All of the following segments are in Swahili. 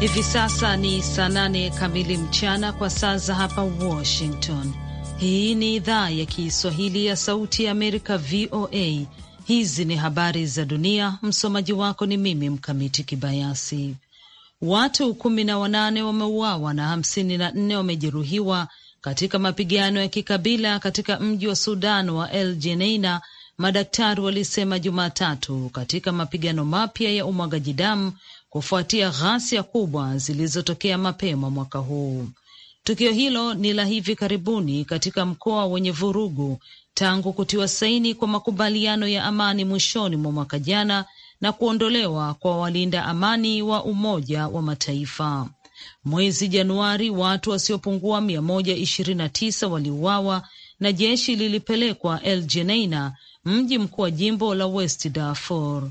Hivi sasa ni saa nane kamili mchana kwa saa za hapa Washington. Hii ni idhaa ya Kiswahili ya Sauti ya Amerika, VOA. Hizi ni habari za dunia. Msomaji wako ni mimi Mkamiti Kibayasi. Watu kumi na wanane wameuawa na hamsini na nne wamejeruhiwa katika mapigano ya kikabila katika mji wa Sudan wa El Jeneina, madaktari walisema Jumatatu, katika mapigano mapya ya umwagaji damu kufuatia ghasia kubwa zilizotokea mapema mwaka huu. Tukio hilo ni la hivi karibuni katika mkoa wenye vurugu tangu kutiwa saini kwa makubaliano ya amani mwishoni mwa mwaka jana na kuondolewa kwa walinda amani wa Umoja wa Mataifa. Mwezi Januari, watu wasiopungua 129 waliuawa na jeshi lilipelekwa El Geneina, mji mkuu wa jimbo la West Darfur.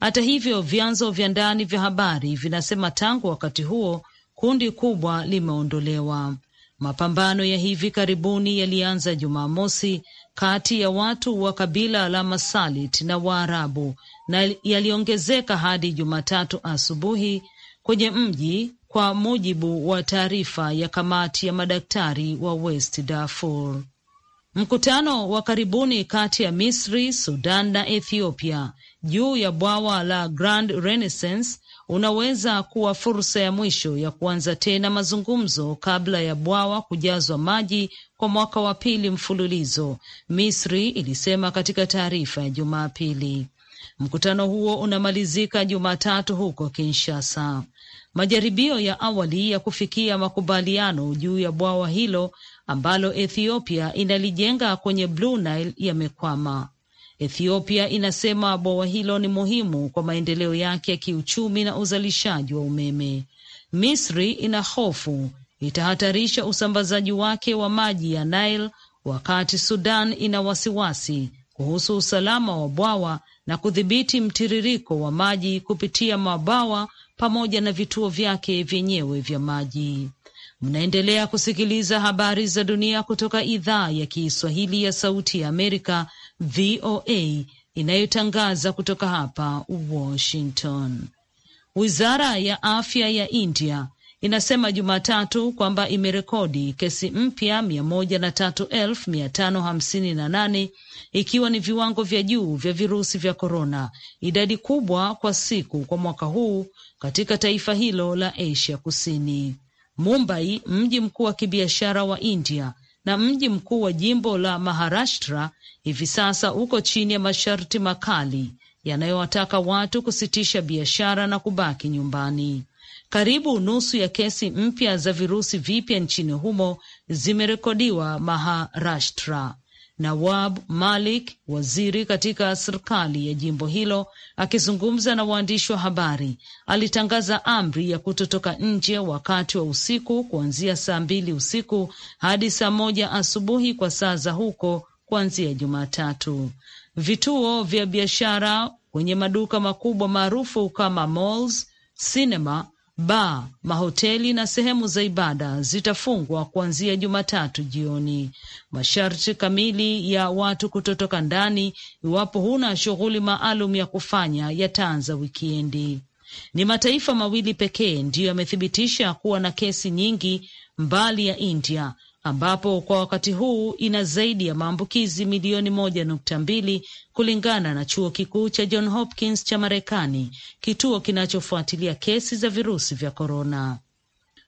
Hata hivyo, vyanzo vya ndani vya habari vinasema tangu wakati huo kundi kubwa limeondolewa. Mapambano ya hivi karibuni yalianza Jumamosi kati ya watu wa kabila la Masalit na Waarabu na yaliongezeka hadi Jumatatu asubuhi kwenye mji, kwa mujibu wa taarifa ya kamati ya madaktari wa West Darfur. Mkutano wa karibuni kati ya Misri, Sudan na Ethiopia juu ya bwawa la Grand Renaissance unaweza kuwa fursa ya mwisho ya kuanza tena mazungumzo kabla ya bwawa kujazwa maji kwa mwaka wa pili mfululizo, Misri ilisema katika taarifa ya Jumapili. Mkutano huo unamalizika Jumatatu huko Kinshasa. Majaribio ya awali ya kufikia makubaliano juu ya bwawa hilo ambalo Ethiopia inalijenga kwenye Blue Nile yamekwama. Ethiopia inasema bwawa hilo ni muhimu kwa maendeleo yake ya kiuchumi na uzalishaji wa umeme. Misri ina hofu itahatarisha usambazaji wake wa maji ya Nile, wakati Sudan ina wasiwasi kuhusu usalama wa bwawa na kudhibiti mtiririko wa maji kupitia mabawa pamoja na vituo vyake vyenyewe vya maji. Mnaendelea kusikiliza habari za dunia kutoka idhaa ya Kiswahili ya Sauti ya Amerika, VOA, inayotangaza kutoka hapa Washington. Wizara ya afya ya India inasema Jumatatu kwamba imerekodi kesi mpya mia moja na tatu elfu mia tano hamsini na nane ikiwa ni viwango vya juu vya virusi vya korona, idadi kubwa kwa siku kwa mwaka huu katika taifa hilo la Asia Kusini. Mumbai, mji mkuu wa kibiashara wa India na mji mkuu wa jimbo la Maharashtra, hivi sasa uko chini ya masharti makali yanayowataka watu kusitisha biashara na kubaki nyumbani. Karibu nusu ya kesi mpya za virusi vipya nchini humo zimerekodiwa Maharashtra. Nawab Malik, waziri katika serikali ya jimbo hilo, akizungumza na waandishi wa habari, alitangaza amri ya kutotoka nje wakati wa usiku kuanzia saa mbili usiku hadi saa moja asubuhi kwa saa za huko kuanzia Jumatatu. Vituo vya biashara kwenye maduka makubwa maarufu kama malls, cinema ba mahoteli na sehemu za ibada zitafungwa kuanzia Jumatatu jioni. Masharti kamili ya watu kutotoka ndani, iwapo huna shughuli maalum ya kufanya, yataanza wikiendi. Ni mataifa mawili pekee ndiyo yamethibitisha kuwa na kesi nyingi mbali ya India ambapo kwa wakati huu ina zaidi ya maambukizi milioni moja nukta mbili kulingana na chuo kikuu cha John Hopkins cha Marekani, kituo kinachofuatilia kesi za virusi vya korona.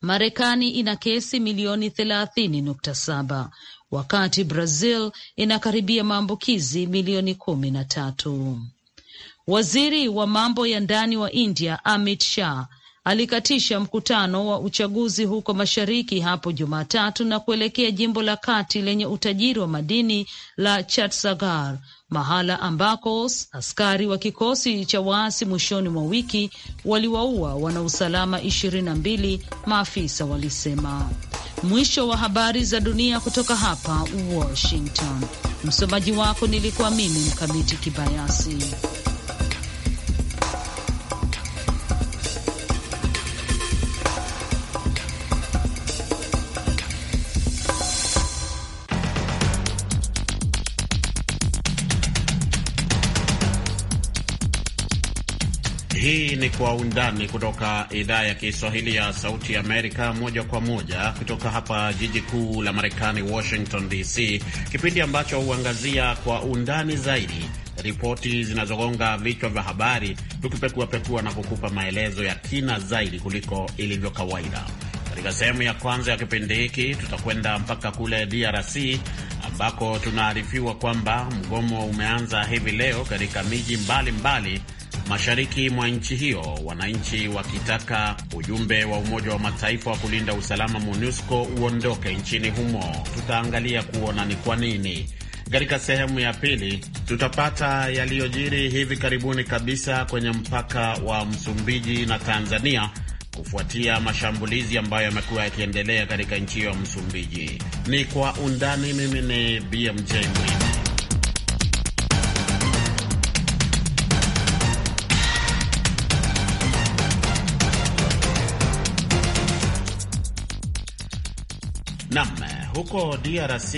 Marekani ina kesi milioni thelathini nukta saba wakati Brazil inakaribia maambukizi milioni kumi na tatu. Waziri wa mambo ya ndani wa India Amit Shah alikatisha mkutano wa uchaguzi huko mashariki hapo Jumatatu na kuelekea jimbo la kati lenye utajiri wa madini la Chatsagar, mahala ambako askari wa kikosi cha waasi mwishoni mwa wiki waliwaua wanausalama ishirini na mbili, maafisa walisema. Mwisho wa habari za dunia kutoka hapa Washington. Msomaji wako nilikuwa mimi Mkamiti Kibayasi. ni Kwa Undani kutoka idhaa ya Kiswahili ya Sauti ya Amerika, moja kwa moja kutoka hapa jiji kuu la Marekani, Washington DC, kipindi ambacho huangazia kwa undani zaidi ripoti zinazogonga vichwa vya habari, tukipekuapekua na kukupa maelezo ya kina zaidi kuliko ilivyo kawaida. Katika sehemu ya kwanza ya kipindi hiki tutakwenda mpaka kule DRC ambako tunaarifiwa kwamba mgomo umeanza hivi leo katika miji mbalimbali mashariki mwa nchi hiyo, wananchi wakitaka ujumbe wa Umoja wa Mataifa wa kulinda usalama MONUSCO uondoke nchini humo. Tutaangalia kuona ni kwa nini. Katika sehemu ya pili tutapata yaliyojiri hivi karibuni kabisa kwenye mpaka wa Msumbiji na Tanzania kufuatia mashambulizi ambayo yamekuwa yakiendelea katika nchi hiyo ya Msumbiji. Ni kwa undani. Mimi ni BMJ Mwini. Nam, huko DRC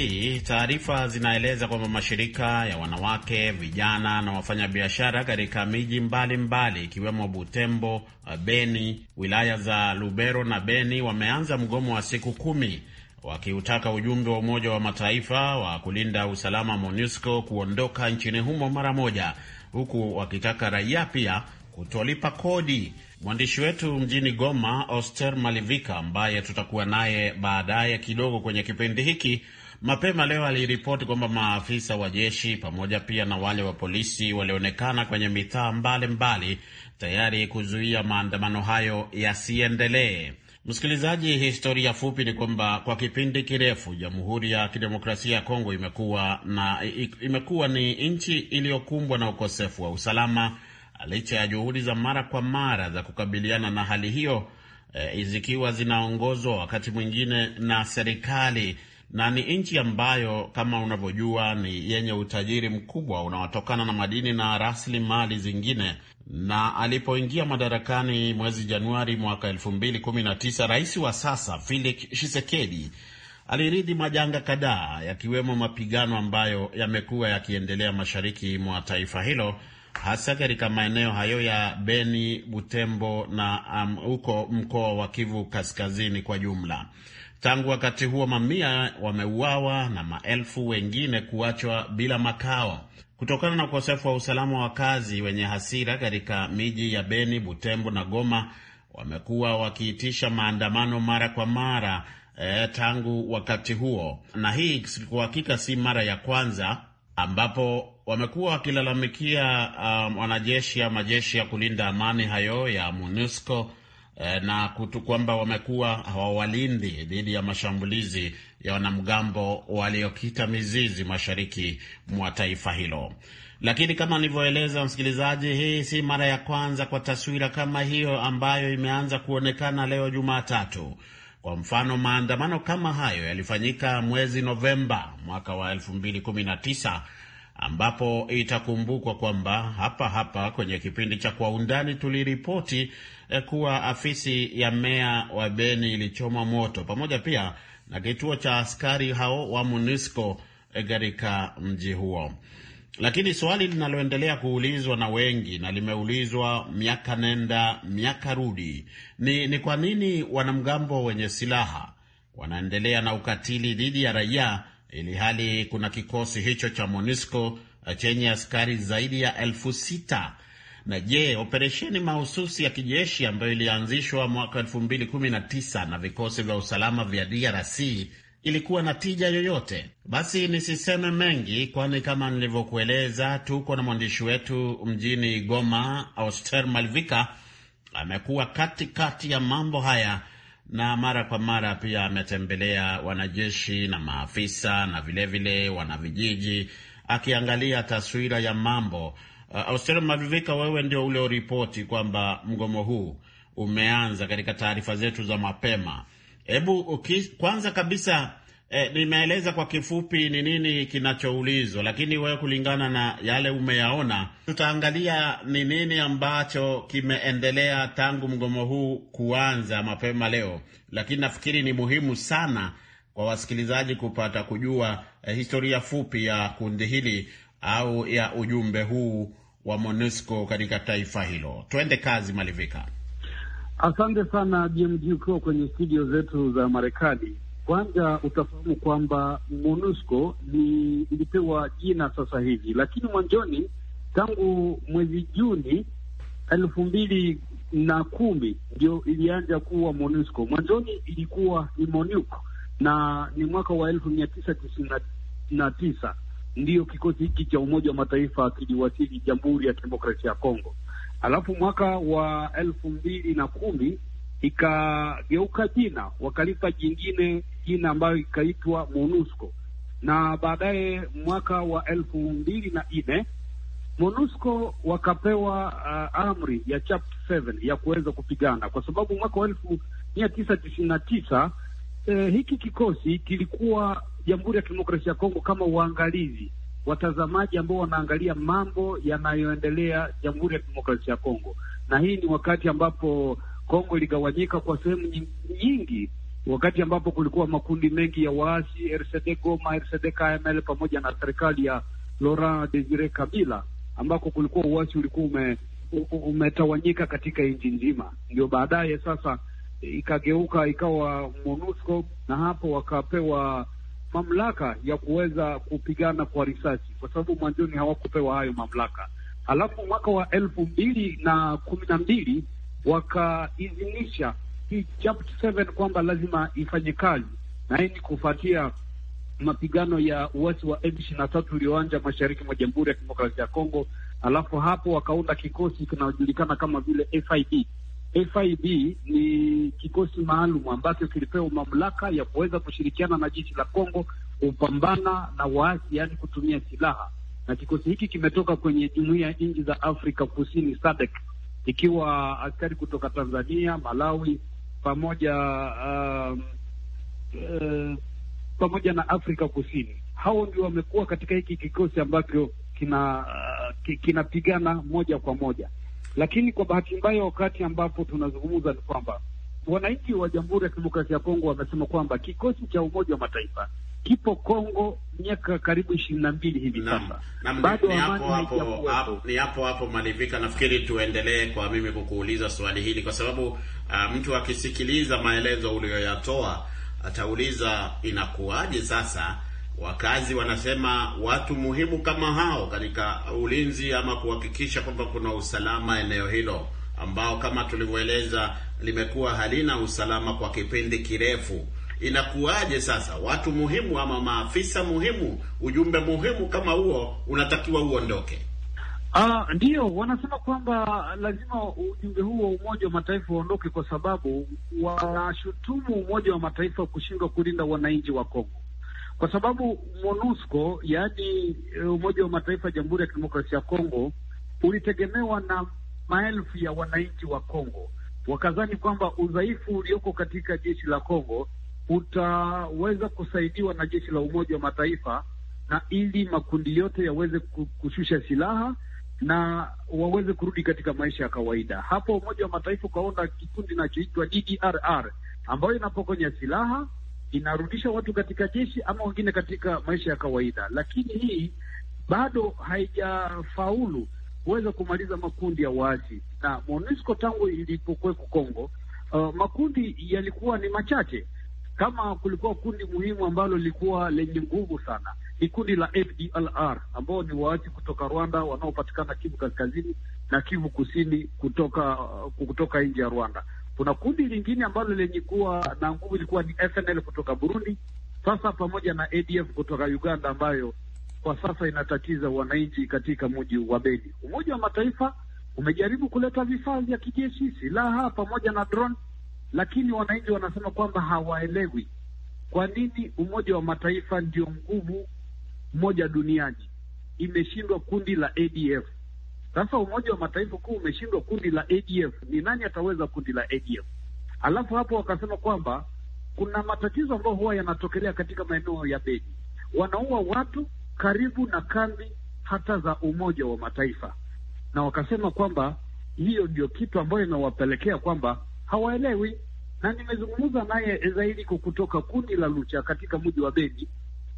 taarifa zinaeleza kwamba mashirika ya wanawake, vijana na wafanyabiashara katika miji mbalimbali ikiwemo Butembo, Beni, wilaya za Lubero na Beni wameanza mgomo wa siku kumi wakiutaka ujumbe wa Umoja wa Mataifa wa kulinda usalama MONUSCO kuondoka nchini humo mara moja, huku wakitaka raia pia kutolipa kodi. Mwandishi wetu mjini Goma, Oster Malivika, ambaye tutakuwa naye baadaye kidogo kwenye kipindi hiki, mapema leo aliripoti kwamba maafisa wa jeshi pamoja pia na wale wa polisi walionekana kwenye mitaa mbalimbali tayari kuzuia maandamano hayo yasiendelee. Msikilizaji, historia fupi ni kwamba kwa kipindi kirefu Jamhuri ya Kidemokrasia ya Kongo imekuwa na imekuwa ni nchi iliyokumbwa na ukosefu wa usalama licha ya juhudi za mara kwa mara za kukabiliana na hali hiyo e, zikiwa zinaongozwa wakati mwingine na serikali na ni nchi ambayo kama unavyojua ni yenye utajiri mkubwa unaotokana na madini na rasilimali zingine. Na alipoingia madarakani mwezi Januari mwaka 219 rais wa sasa Felix Tshisekedi aliridhi majanga kadhaa, yakiwemo mapigano ambayo yamekuwa yakiendelea mashariki mwa taifa hilo hasa katika maeneo hayo ya Beni, Butembo na um, huko um, mkoa wa Kivu Kaskazini kwa jumla. Tangu wakati huo mamia wameuawa na maelfu wengine kuachwa bila makawa kutokana na ukosefu wa usalama wa kazi. Wenye hasira katika miji ya Beni, Butembo na Goma wamekuwa wakiitisha maandamano mara kwa mara eh, tangu wakati huo, na hii kwa hakika si mara ya kwanza ambapo wamekuwa wakilalamikia um, wanajeshi um, ya majeshi ya kulinda amani hayo ya MONUSCO eh, na kutu kwamba wamekuwa hawawalindi dhidi ya mashambulizi ya wanamgambo waliokita mizizi mashariki mwa taifa hilo. Lakini kama nilivyoeleza, msikilizaji, hii si mara ya kwanza kwa taswira kama hiyo ambayo imeanza kuonekana leo Jumatatu. Kwa mfano, maandamano kama hayo yalifanyika mwezi Novemba mwaka wa 2019 ambapo itakumbukwa kwamba hapa hapa kwenye kipindi cha Kwa Undani tuliripoti eh, kuwa afisi ya meya wa Beni ilichoma moto pamoja pia na kituo cha askari hao wa MONUSCO eh, katika mji huo. Lakini swali linaloendelea kuulizwa na wengi na limeulizwa miaka nenda miaka rudi ni, ni kwa nini wanamgambo wenye silaha wanaendelea na ukatili dhidi ya raia ili hali kuna kikosi hicho cha MONUSCO eh, chenye askari zaidi ya elfu sita na je, operesheni mahususi ya kijeshi ambayo ilianzishwa mwaka 2019 na vikosi vya usalama vya DRC ilikuwa na tija yoyote? Basi nisiseme mengi, kwani kama nilivyokueleza, tuko na mwandishi wetu mjini Goma, Auster Malvika amekuwa katikati ya mambo haya na mara kwa mara pia ametembelea wanajeshi na maafisa na vilevile wanavijiji, akiangalia taswira ya mambo. Uh, Austeri Malvika, wewe ndio ule kwamba mgomo huu umeanza katika taarifa zetu za mapema. Hebu kwanza kabisa eh, nimeeleza kwa kifupi ni nini kinachoulizwa, lakini wewe kulingana na yale umeyaona, tutaangalia ni nini ambacho kimeendelea tangu mgomo huu kuanza mapema leo, lakini nafikiri ni muhimu sana kwa wasikilizaji kupata kujua eh, historia fupi ya kundi hili au ya ujumbe huu wa MONUSCO katika taifa hilo. Twende kazi, Malivika. Asante sana BMG, ukiwa kwenye studio zetu za Marekani. Kwanza utafahamu kwamba MONUSCO ni ilipewa jina sasa hivi, lakini mwanzoni, tangu mwezi Juni elfu mbili na kumi ndio ilianza kuwa MONUSCO. Mwanzoni ilikuwa ni MONUC na ni mwaka wa elfu mia tisa tisini na tisa ndiyo kikosi hiki cha Umoja wa Mataifa kiliwasili Jamhuri ya Kidemokrasia ya Kongo alafu mwaka wa elfu mbili na kumi ikageuka jina, wakalipa jingine jina ambayo ikaitwa MONUSCO na baadaye mwaka wa elfu mbili na nne MONUSCO wakapewa uh, amri ya chapter ya kuweza kupigana kwa sababu mwaka wa elfu mia tisa tisini na tisa eh, hiki kikosi kilikuwa Jamhuri ya Kidemokrasia ya Kongo kama uangalizi watazamaji ambao wanaangalia mambo yanayoendelea Jamhuri ya Kidemokrasia ya Kongo, na hii ni wakati ambapo Kongo iligawanyika kwa sehemu nyingi, wakati ambapo kulikuwa makundi mengi ya waasi RCD Goma, RCD KML pamoja na serikali ya Laurent Desire Kabila, ambako kulikuwa uasi ulikuwa ume, umetawanyika katika nchi nzima. Ndio baadaye sasa ikageuka ikawa MONUSCO na hapo wakapewa mamlaka ya kuweza kupigana kwa risasi, kwa sababu mwanzoni hawakupewa hayo mamlaka. alafu mwaka wa elfu mbili na kumi na mbili wakaidhinisha hii chapter kwamba lazima ifanye kazi, na hii ni kufuatia mapigano ya uasi wa m tatu ulioanja mashariki mwa Jamhuri ya Kidemokrasia ya Kongo. Alafu hapo wakaunda kikosi kinaojulikana kama vile FIB FIB ni kikosi maalum ambacho kilipewa mamlaka ya kuweza kushirikiana na jeshi la Kongo kupambana na waasi, yaani kutumia silaha, na kikosi hiki kimetoka kwenye jumuiya ya nchi za Afrika Kusini SADC, ikiwa askari kutoka Tanzania, Malawi pamoja um, uh, pamoja na Afrika Kusini. Hao ndio wamekuwa katika hiki kikosi ambacho kina uh, kinapigana moja kwa moja lakini kwa bahati mbaya, wakati ambapo tunazungumza ni kwamba wananchi wa Jamhuri ya Kidemokrasia ya Kongo wamesema kwamba kikosi cha Umoja wa Mataifa kipo Kongo miaka karibu ishirini na mbili hivi sasa. Bado ni hapo hapo malivika, nafikiri tuendelee kwa mimi kukuuliza swali hili kwa sababu uh, mtu akisikiliza maelezo uliyoyatoa atauliza inakuwaje sasa Wakazi wanasema watu muhimu kama hao katika ulinzi ama kuhakikisha kwamba kuna usalama eneo hilo ambao kama tulivyoeleza limekuwa halina usalama kwa kipindi kirefu. Inakuwaje sasa watu muhimu ama maafisa muhimu, ujumbe muhimu kama huo unatakiwa uondoke? Uh, ndio wanasema kwamba lazima ujumbe huu wa Umoja wa Mataifa uondoke kwa sababu wanashutumu Umoja wa Mataifa kushindwa kulinda wananchi wa Kongo kwa sababu MONUSCO yaani eh, Umoja wa Mataifa ya Jamhuri ya Kidemokrasia ya Kongo ulitegemewa na maelfu ya wananchi wa Kongo, wakazani kwamba udhaifu ulioko katika jeshi la Kongo utaweza kusaidiwa na jeshi la Umoja wa Mataifa na ili makundi yote yaweze kushusha silaha na waweze kurudi katika maisha ya kawaida. Hapo Umoja wa Mataifa ukaona kikundi kinachoitwa DDRR ambayo inapokonya silaha inarudisha watu katika jeshi ama wengine katika maisha ya kawaida, lakini hii bado haijafaulu kuweza kumaliza makundi ya waasi. Na MONUSCO tangu ilipokuweko Kongo, uh, makundi yalikuwa ni machache. Kama kulikuwa kundi muhimu ambalo lilikuwa lenye nguvu sana ni kundi la FDLR ambao ni waasi kutoka Rwanda wanaopatikana Kivu Kaskazini na Kivu Kusini kutoka, kutoka nje ya Rwanda kuna kundi lingine ambalo lenye kuwa na nguvu ilikuwa ni FNL kutoka Burundi, sasa pamoja na ADF kutoka Uganda, ambayo kwa sasa inatatiza wananchi katika mji wa Beni. Umoja wa Mataifa umejaribu kuleta vifaa vya kijeshi, silaha pamoja na drone, lakini wananchi wanasema kwamba hawaelewi kwa nini Umoja wa Mataifa ndio nguvu moja duniani imeshindwa kundi la ADF. Sasa Umoja wa Mataifa kuwa umeshindwa kundi la ADF, ni nani ataweza kundi la ADF? Alafu hapo wakasema kwamba kuna matatizo ambayo huwa yanatokelea katika maeneo ya Beni, wanaua watu karibu na kambi hata za Umoja wa Mataifa, na wakasema kwamba hiyo ndio kitu ambayo imewapelekea kwamba hawaelewi. Na nimezungumza naye zaidi kutoka kundi la Lucha katika mji wa Beni,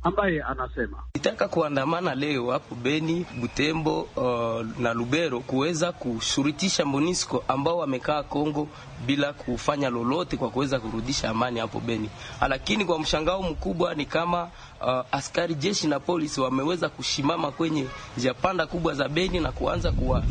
ambaye anasema nitaka kuandamana leo hapo Beni, Butembo uh, na Lubero kuweza kushurutisha Monisco ambao wamekaa Kongo bila kufanya lolote kwa kuweza kurudisha amani hapo Beni. Lakini kwa mshangao mkubwa ni kama uh, askari jeshi na polisi wameweza kushimama kwenye njia panda kubwa za Beni na kuanza kuwa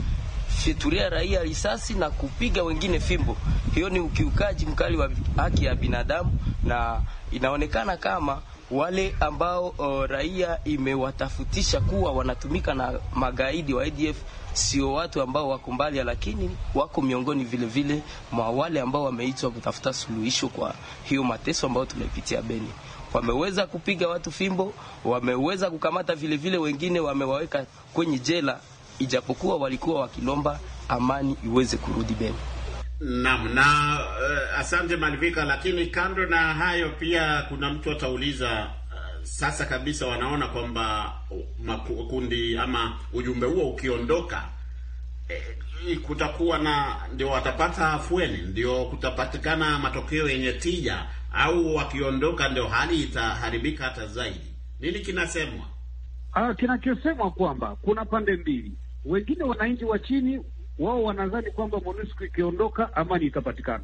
fituria raia risasi na kupiga wengine fimbo. Hiyo ni ukiukaji mkali wa haki ya binadamu na inaonekana kama wale ambao uh, raia imewatafutisha kuwa wanatumika na magaidi wa ADF sio watu ambao wako mbali, lakini wako miongoni vilevile mwa wale ambao wameitwa kutafuta suluhisho kwa hiyo mateso ambayo tumepitia Beni. Wameweza kupiga watu fimbo, wameweza kukamata vilevile vile, wengine wamewaweka kwenye jela, ijapokuwa walikuwa wakilomba amani iweze kurudi Beni. Naam, na uh, asante Malivika, lakini kando na hayo pia kuna mtu atauliza uh, sasa kabisa wanaona kwamba uh, kundi ama ujumbe huo ukiondoka eh, kutakuwa na ndio watapata afueni, ndio kutapatikana matokeo yenye tija, au wakiondoka ndio hali itaharibika hata zaidi. Nini kinasemwa? Ah, kinachosemwa kwamba kuna pande mbili, wengine wananchi wa chini wao wanadhani kwamba MONUSCO ikiondoka amani itapatikana.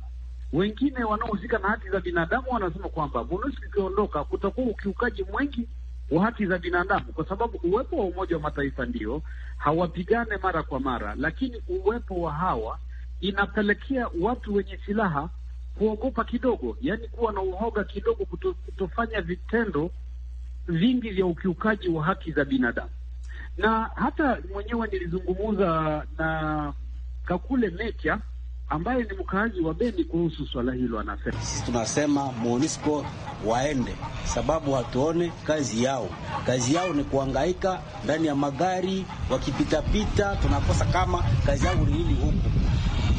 Wengine wanaohusika na haki za binadamu wanasema kwamba MONUSCO ikiondoka kutakuwa ukiukaji mwingi wa haki za binadamu, kwa sababu uwepo wa Umoja wa Mataifa ndio hawapigane mara kwa mara, lakini uwepo wa hawa inapelekea watu wenye silaha kuogopa kidogo, yaani kuwa na uhoga kidogo, kuto, kutofanya vitendo vingi vya ukiukaji wa haki za binadamu. Na hata mwenyewe nilizungumza na Kakule Mecha ambaye ni mkaazi wa Beni kuhusu swala hilo anasema, sisi tunasema MONUSCO waende, sababu hatuone kazi yao. Kazi yao ni kuangaika ndani ya magari wakipitapita, tunakosa kama kazi yao nihili huku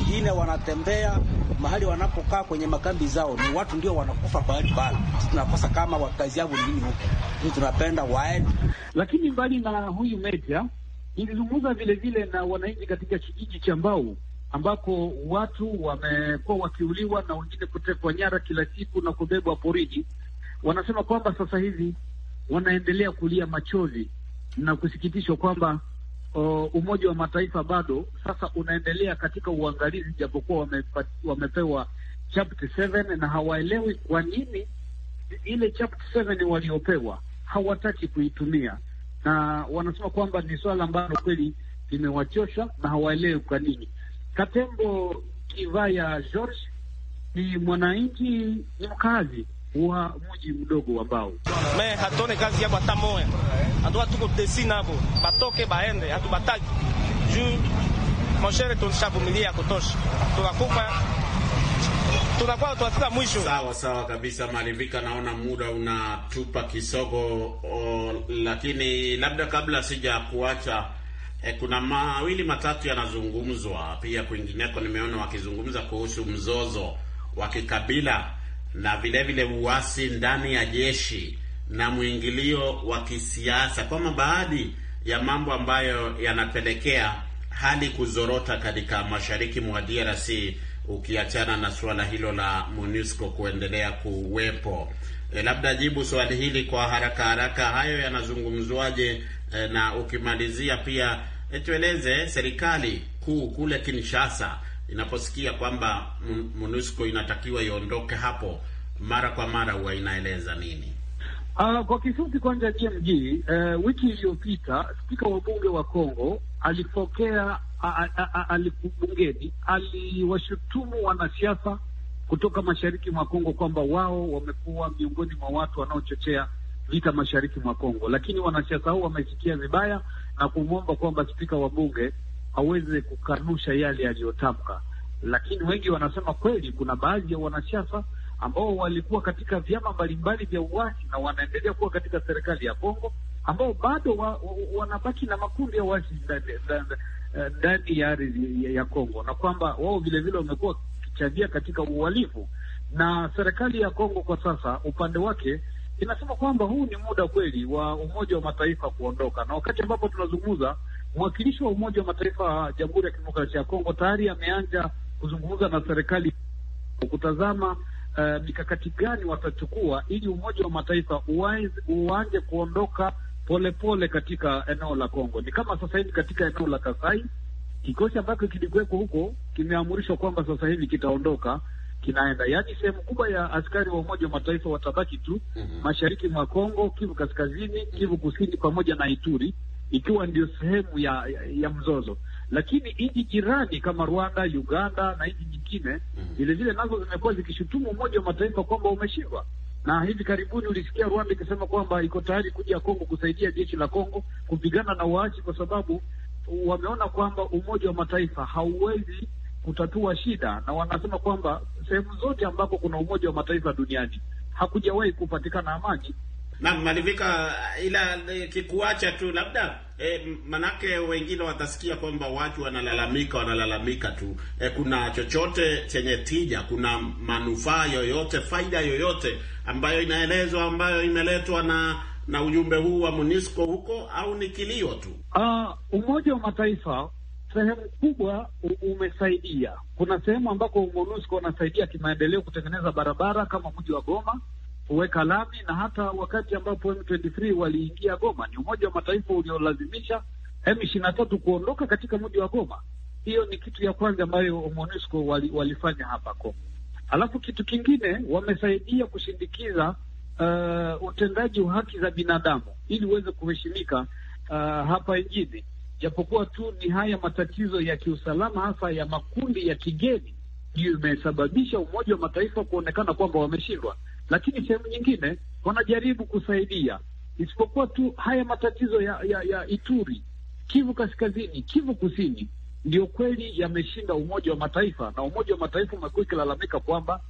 ingine wanatembea mahali wanapokaa kwenye makambi zao, ni watu ndio wanakufa bahali bana. Sisi tunakosa kama wakazi yao nihili huku, tunapenda waende. Lakini mbali na huyu Meja Nilizungumza vile vile na wananchi katika kijiji cha Mbau ambako watu wamekuwa wakiuliwa na wengine kutekwa nyara kila siku na kubebwa porini. Wanasema kwamba sasa hivi wanaendelea kulia machozi na kusikitishwa kwamba uh, Umoja wa Mataifa bado sasa unaendelea katika uangalizi, japokuwa wamepewa chapter 7 na hawaelewi kwa nini ile chapter 7 waliopewa hawataki kuitumia na wanasema kwamba ni swala ambalo kweli limewachosha na hawaelewi kwa nini. Katembo Kivaya George ni mwananchi, ni mkazi wa mji mdogo wa Mbao. Me hatone kazi yabo hata moya, hatuwa tuko desi nabo batoke baende, hatubataki juu moshere tulishavumilia ya kutosha, tukakufa tunakuwa tunafika mwisho. Sawa sawa kabisa, Malivika, naona muda unatupa kisogo o, lakini labda kabla sija kuacha e, kuna mawili matatu yanazungumzwa pia kwingineko. Nimeona wakizungumza kuhusu mzozo wa kikabila na vilevile uasi ndani ya jeshi na mwingilio wa kisiasa kwama baadhi ya mambo ambayo yanapelekea hali kuzorota katika mashariki mwa DRC ukiachana na suala hilo la MONUSCO kuendelea kuwepo. E, labda jibu swali hili kwa haraka haraka, hayo yanazungumzwaje? E, na ukimalizia pia eh, tueleze serikali kuu kule Kinshasa inaposikia kwamba MONUSCO inatakiwa iondoke hapo, mara kwa mara huwa inaeleza nini? Uh, kwa kifupi kwanza, DMG uh, wiki iliyopita spika wa bunge wa Kongo alipokea bungeni aliwashutumu wanasiasa kutoka mashariki mwa Kongo kwamba wao wamekuwa miongoni mwa watu wanaochochea vita mashariki mwa Kongo, lakini wanasiasa hao wamesikia vibaya na kumwomba kwamba spika wa bunge aweze kukanusha yale aliyotamka. Lakini wengi wanasema kweli, kuna baadhi ya wanasiasa ambao walikuwa katika vyama mbalimbali vya uasi na wanaendelea kuwa katika serikali ya Kongo, ambao bado wa, wa, wanabaki na makundi ya uasi ndani ya ardhi ya, ya Kongo, na kwamba wao vilevile wamekuwa wakichangia katika uhalifu. Na serikali ya Kongo kwa sasa upande wake inasema kwamba huu ni muda kweli wa Umoja wa Mataifa kuondoka, na wakati ambapo tunazungumza mwakilishi wa Umoja wa Mataifa wa Jamhuri ya Kidemokrasia ya Kongo tayari ameanza kuzungumza na serikali kutazama Eh, mikakati uh, gani watachukua ili Umoja wa Mataifa uanze kuondoka polepole pole katika eneo la Kongo. Ni kama sasa hivi katika eneo la Kasai, kikosi ambacho kilikuwekwa huko kimeamurishwa kwamba sasa hivi kitaondoka kinaenda, yaani sehemu kubwa ya askari wa Umoja wa Mataifa watabaki tu mm -hmm. mashariki mwa Kongo, Kivu Kaskazini, Kivu Kusini pamoja na Ituri, ikiwa ndio sehemu ya, ya mzozo lakini nchi jirani kama Rwanda, Uganda na nchi nyingine vilevile mm -hmm. nazo zimekuwa zikishutumu Umoja wa Mataifa kwamba umeshindwa, na hivi karibuni ulisikia Rwanda ikisema kwamba iko tayari kuja Kongo kusaidia jeshi la Kongo kupigana na waasi, kwa sababu wameona kwamba Umoja wa Mataifa hauwezi kutatua shida, na wanasema kwamba sehemu zote ambapo kuna Umoja wa Mataifa duniani hakujawahi kupatikana amani na Malivika, ila eh, kikuacha tu labda E, manake wengine watasikia kwamba watu wanalalamika wanalalamika tu. E, kuna chochote chenye tija? Kuna manufaa yoyote, faida yoyote ambayo inaelezwa ambayo imeletwa na na ujumbe huu wa munisco huko, au ni kilio tu? Uh, Umoja wa Mataifa sehemu kubwa umesaidia. Kuna sehemu ambako munisco wanasaidia kimaendeleo kutengeneza barabara kama mji wa Goma kuweka lami, na hata wakati ambapo M23 waliingia Goma, ni Umoja wa Mataifa uliolazimisha M23 kuondoka katika mji wa Goma. Hiyo ni kitu ya kwanza ambayo MONUSCO wali, walifanya hapa Kongo. Alafu kitu kingine wamesaidia kushindikiza uh, utendaji wa haki za binadamu ili uweze kuheshimika uh, hapa nchini, japokuwa tu ni haya matatizo ya kiusalama hasa ya makundi ya kigeni ndiyo imesababisha Umoja wa Mataifa kuonekana kwamba wameshindwa lakini sehemu nyingine wanajaribu kusaidia, isipokuwa tu haya matatizo ya, ya, ya Ituri, Kivu Kaskazini, Kivu Kusini ndio kweli yameshinda Umoja wa Mataifa, na Umoja wa Mataifa umekuwa ikilalamika kwamba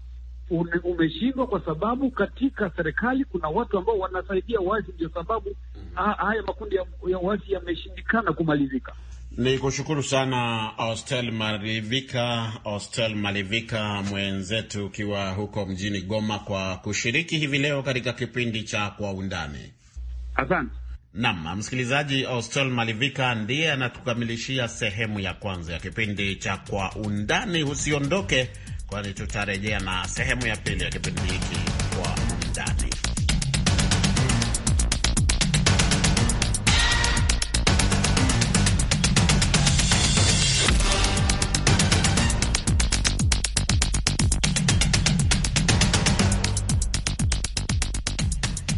umeshindwa kwa sababu katika serikali kuna watu ambao wanasaidia wazi, ndio sababu mm-hmm. haya makundi ya, ya wazi yameshindikana kumalizika. Ni kushukuru sana Ostel Malivika, Ostel Malivika mwenzetu ukiwa huko mjini Goma kwa kushiriki hivi leo katika kipindi cha Kwa Undani. Asante. Naam, msikilizaji, Ostel Malivika ndiye anatukamilishia sehemu ya kwanza ya kipindi cha Kwa Undani. Usiondoke, kwani tutarejea na sehemu ya pili ya kipindi hiki Kwa Undani.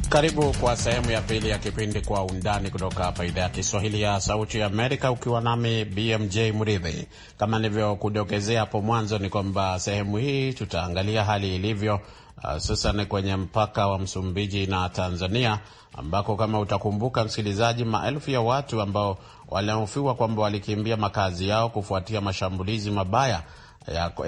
Karibu kwa sehemu ya pili ya kipindi Kwa Undani kutoka hapa idhaa ya Kiswahili ya Sauti ya Amerika, ukiwa nami BMJ Mridhi. Kama nilivyokudokezea hapo mwanzo, ni kwamba sehemu hii tutaangalia hali ilivyo uh, hususan uh, kwenye mpaka wa Msumbiji na Tanzania, ambako kama utakumbuka msikilizaji, maelfu ya watu ambao walihofiwa kwamba walikimbia makazi yao kufuatia mashambulizi mabaya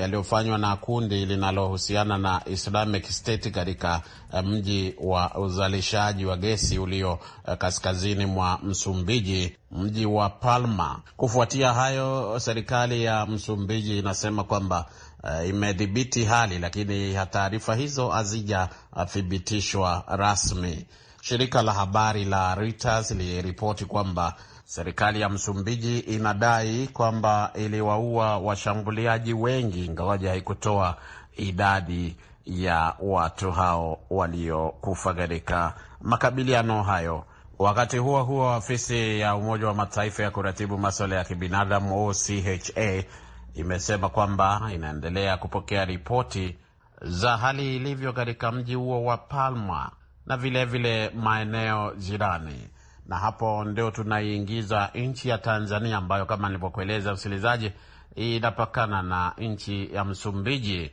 yaliyofanywa na kundi linalohusiana na Islamic State katika eh, mji wa uzalishaji wa gesi ulio eh, kaskazini mwa Msumbiji, mji wa Palma. Kufuatia hayo, serikali ya Msumbiji inasema kwamba Uh, imedhibiti hali lakini taarifa hizo hazijathibitishwa rasmi. Shirika la habari la Reuters liliripoti kwamba Serikali ya Msumbiji inadai kwamba iliwaua washambuliaji wengi, ingawaji haikutoa idadi ya watu hao waliokufa katika makabiliano hayo. Wakati huo huo, ofisi ya Umoja wa Mataifa ya kuratibu maswala ya kibinadamu OCHA imesema kwamba inaendelea kupokea ripoti za hali ilivyo katika mji huo wa Palma na vilevile vile maeneo jirani na hapo ndio tunaiingiza nchi ya Tanzania ambayo kama nilivyokueleza msikilizaji, inapakana na nchi ya Msumbiji,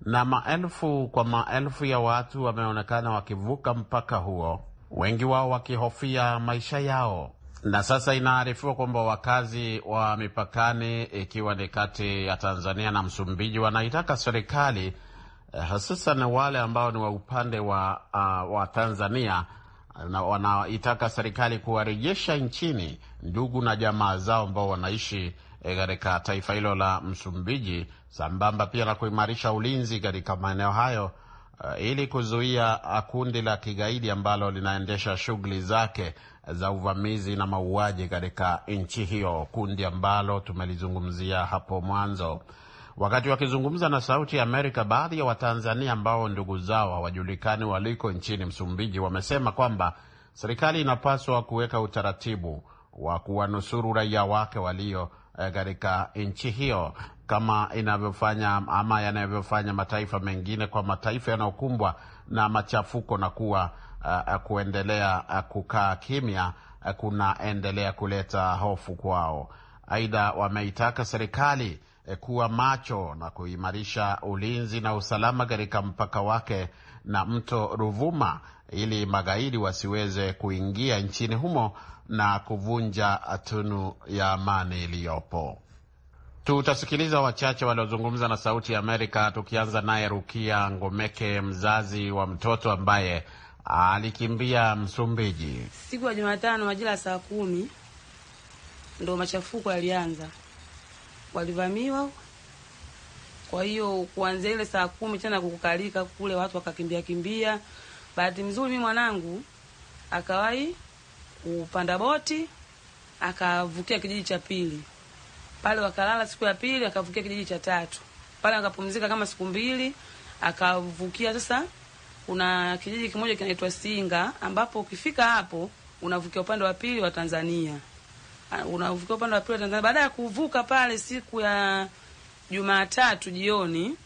na maelfu kwa maelfu ya watu wameonekana wakivuka mpaka huo, wengi wao wakihofia maisha yao. Na sasa inaarifiwa kwamba wakazi wa mipakani, ikiwa ni kati ya Tanzania na Msumbiji, wanaitaka serikali eh, hususan wale ambao ni wa upande wa, uh, wa Tanzania na wanaitaka serikali kuwarejesha nchini ndugu na jamaa zao ambao wanaishi eh, katika taifa hilo la Msumbiji, sambamba pia na kuimarisha ulinzi katika maeneo hayo uh, ili kuzuia ah, kundi la kigaidi ambalo linaendesha shughuli zake za uvamizi na mauaji katika nchi hiyo, kundi ambalo tumelizungumzia hapo mwanzo. Wakati wakizungumza na Sauti ya Amerika, baadhi ya Watanzania ambao ndugu zao hawajulikani waliko nchini Msumbiji wamesema kwamba serikali inapaswa kuweka utaratibu wa kuwanusuru raia wake walio eh, katika nchi hiyo kama inavyofanya ama yanavyofanya mataifa mengine, kwa mataifa yanayokumbwa na machafuko na kuwa uh, kuendelea uh, kukaa kimya uh, kunaendelea kuleta hofu kwao. Aidha, wameitaka serikali E, kuwa macho na kuimarisha ulinzi na usalama katika mpaka wake na mto Ruvuma ili magaidi wasiweze kuingia nchini humo na kuvunja tunu ya amani iliyopo. Tutasikiliza wachache waliozungumza na Sauti ya Amerika, tukianza naye Rukia Ngomeke, mzazi wa mtoto ambaye alikimbia Msumbiji siku ya Jumatano majira saa kumi ndo machafuko yalianza walivamiwa. Kwa hiyo kuanzia ile saa kumi tena kukukalika kule, watu wakakimbia kimbia. Bahati mzuri mi mwanangu akawahi kupanda boti akavukia kijiji cha pili pale, wakalala siku ya pili, akavukia kijiji cha tatu pale, akapumzika kama siku mbili, akavukia sasa. Kuna kijiji kimoja kinaitwa Singa, ambapo ukifika hapo unavukia upande wa pili wa Tanzania. Ah, unavukia upande wa pili wa Tanzania. Baada ya kuvuka pale siku ya Jumatatu jioni,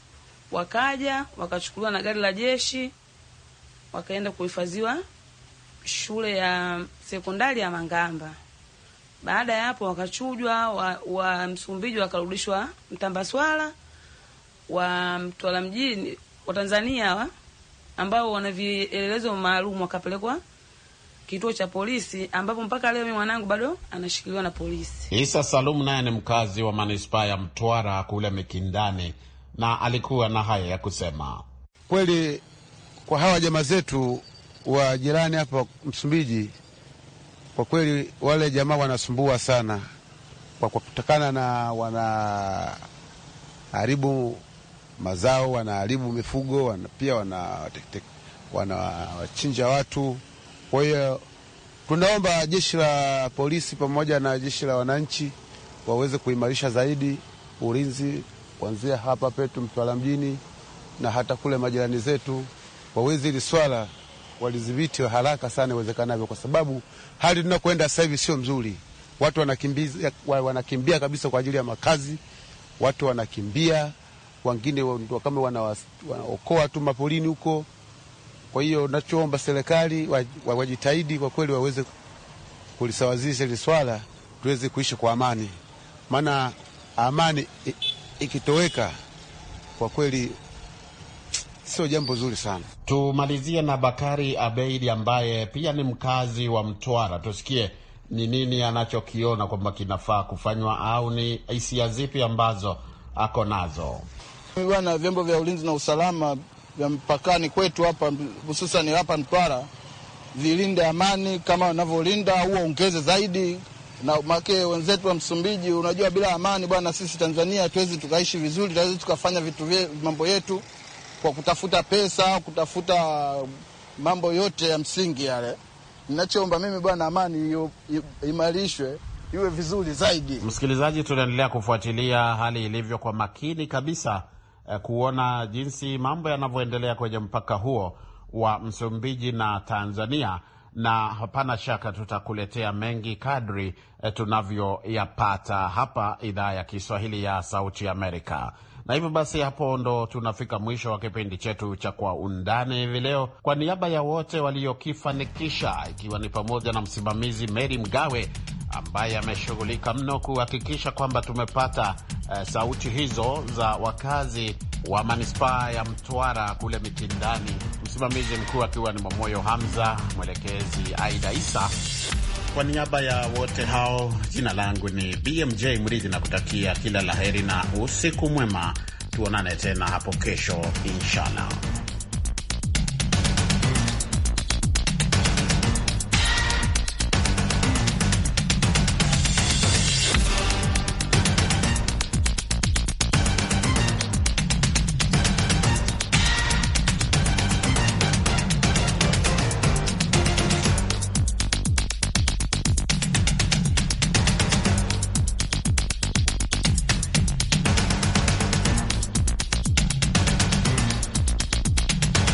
wakaja wakachukuliwa na gari la jeshi, wakaenda kuhifadhiwa shule ya sekondari ya Mangamba. Baada ya hapo wakachujwa wa, wa Msumbiji wakarudishwa Mtambaswala, wa Mtwara mjini wa Tanzania wa ambao wana vielelezo maalum wakapelekwa kituo cha polisi ambapo mpaka leo mi mwanangu bado anashikiliwa na polisi. Isa Salumu naye ni mkazi wa manispaa ya Mtwara kule Mikindani, na alikuwa na haya ya kusema. Kweli kwa hawa jamaa zetu wa jirani hapa Msumbiji, kwa kweli wale jamaa wanasumbua sana kwa kutokana na wanaharibu mazao, wanaharibu mifugo, wana, pia wanawachinja wana, watu kwa hiyo tunaomba jeshi la polisi pamoja na jeshi la wananchi waweze kuimarisha zaidi ulinzi kuanzia hapa petu Mtwara mjini na hata kule majirani zetu, waweze ili swala walidhibiti haraka sana iwezekanavyo, kwa sababu hali tunakwenda sasa hivi sio mzuri. Watu wanakimbia, wanakimbia kabisa kwa ajili ya makazi, watu wanakimbia, wengine kama wanaokoa tu mapolini huko. Kwa hiyo nachoomba serikali wajitahidi kwa kweli waweze kulisawazisha hili swala tuweze kuishi kwa amani, maana amani ikitoweka kwa kweli sio jambo zuri sana. Tumalizie na Bakari Abeidi ambaye pia ni mkazi wa Mtwara, tusikie ni nini anachokiona kwamba kinafaa kufanywa au ni hisia zipi ambazo ako nazo. Bwana, vyombo vya ulinzi na usalama vya mpakani kwetu hapa, hususan hapa Mtwara, vilinde amani kama wanavyolinda huo, ongeze zaidi na make wenzetu wa Msumbiji. Unajua, bila amani bwana, sisi Tanzania hatuwezi tukaishi vizuri, tuwezi tukafanya vitu mambo yetu kwa kutafuta pesa au kutafuta mambo yote ya msingi yale. Ninachoomba mimi bwana, amani imarishwe iwe vizuri zaidi. Msikilizaji, tunaendelea kufuatilia hali ilivyo kwa makini kabisa Eh, kuona jinsi mambo yanavyoendelea kwenye mpaka huo wa Msumbiji na Tanzania, na hapana shaka tutakuletea mengi kadri eh, tunavyoyapata hapa idhaa ya Kiswahili ya Sauti Amerika. Na hivyo basi, hapo ndo tunafika mwisho wa kipindi chetu cha Kwa Undani hivi leo. Kwa niaba ya wote waliokifanikisha, ikiwa ni pamoja na msimamizi Meri Mgawe ambaye ameshughulika mno kuhakikisha kwamba tumepata Eh, sauti hizo za wakazi wa manispaa ya Mtwara kule Mitindani, msimamizi mkuu akiwa ni Mamoyo Hamza, mwelekezi Aida Isa. Kwa niaba ya wote hao, jina langu ni BMJ Mridhi na kutakia kila laheri na usiku mwema. Tuonane tena hapo kesho inshallah.